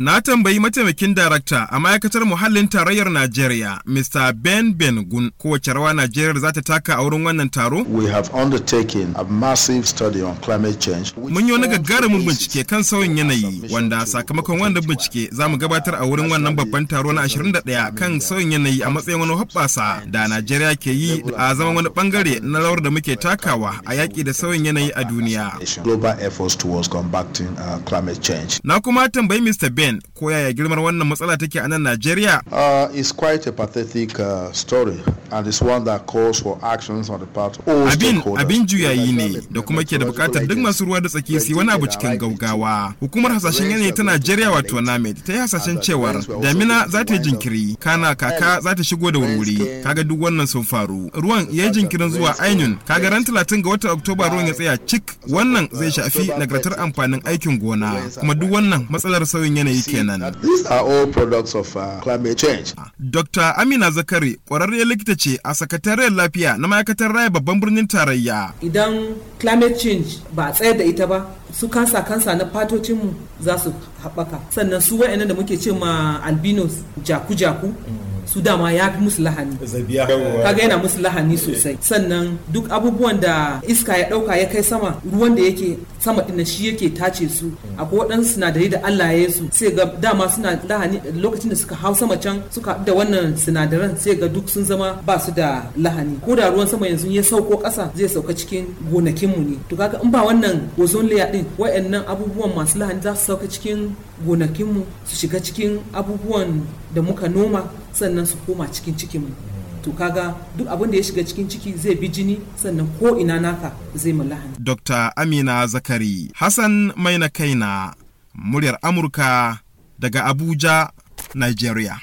Na tambayi mataimakin darakta a ma'aikatar muhallin tarayyar Najeriya, Mr. Ben Bengun, kowace rawa Najeriya za ta taka a wurin wannan taro? We have undertaken a massive study on climate change. Mun yi wani gagarumin bincike kan sauyin yanayi, wanda sakamakon wannan bincike za mu gabatar a wurin wannan babban taro na 21 kan sauyin yanayi a matsayin wani hoɓɓasa da Najeriya ke yi a zaman wani bangare na rawar da muke takawa a yaƙi da sauyin yanayi a duniya. Uh, climat-change Na kuma tambayi Mr. Ben Yemen ko yaya girmar wannan matsala take a nan Najeriya? Uh, it's quite a pathetic uh, story and it's one that calls for actions on the part of all Abin abin juyayi ne da kuma ke da bukatar duk masu ruwa da tsaki su wani abu cikin gaugawa. Hukumar hasashen yanayi ta Najeriya wato NAMED ta yi hasashen cewar damina za ta yi jinkiri kana kaka za ta shigo da wuri kaga duk wannan sun faru. Ruwan ya yi jinkirin zuwa Ainun kaga ran talatin ga watan Oktoba ruwan ya tsaya cik wannan zai shafi uh, nagartar amfanin aikin gona kuma duk wannan matsalar sauyin yanayi yi kenan. Dr. Uh, ah, Amina Zakari kwararriyar likita ce a sakatariyar lafiya na ma'aikatar raya babban birnin tarayya. Idan climate change ba a tsayar da ita ba su kansa kansa na patocinmu za su haɓaka sannan su wa'annan da muke ce ma albinos jaku-jaku su dama ya fi musu lahani kaga yana musu lahani eh. sosai sannan duk abubuwan da iska ya ɗauka ya kai sama ruwan da yake sama din shi yake tace su akwai waɗansu sinadarai da Allah ya su sai ga dama suna lahani lokacin da suka hau sama can suka da wannan sinadaran sai ga duk sun zama ba su da lahani ko da ruwan sama yanzu ya sauko ƙasa zai sauka cikin gonakin mu ne to kaga in ba wannan ozone layer din wayannan abubuwan masu lahani za su sauka cikin gonakin mu su shiga cikin abubuwan da muka noma sannan su koma cikin ciki mu to kaga duk abin da ya shiga cikin ciki zai bi jini sannan ko ina naka zai mu lahani. Dr. Amina Zakari Hassan Maina Kaina muryar Amurka daga Abuja, Nigeria.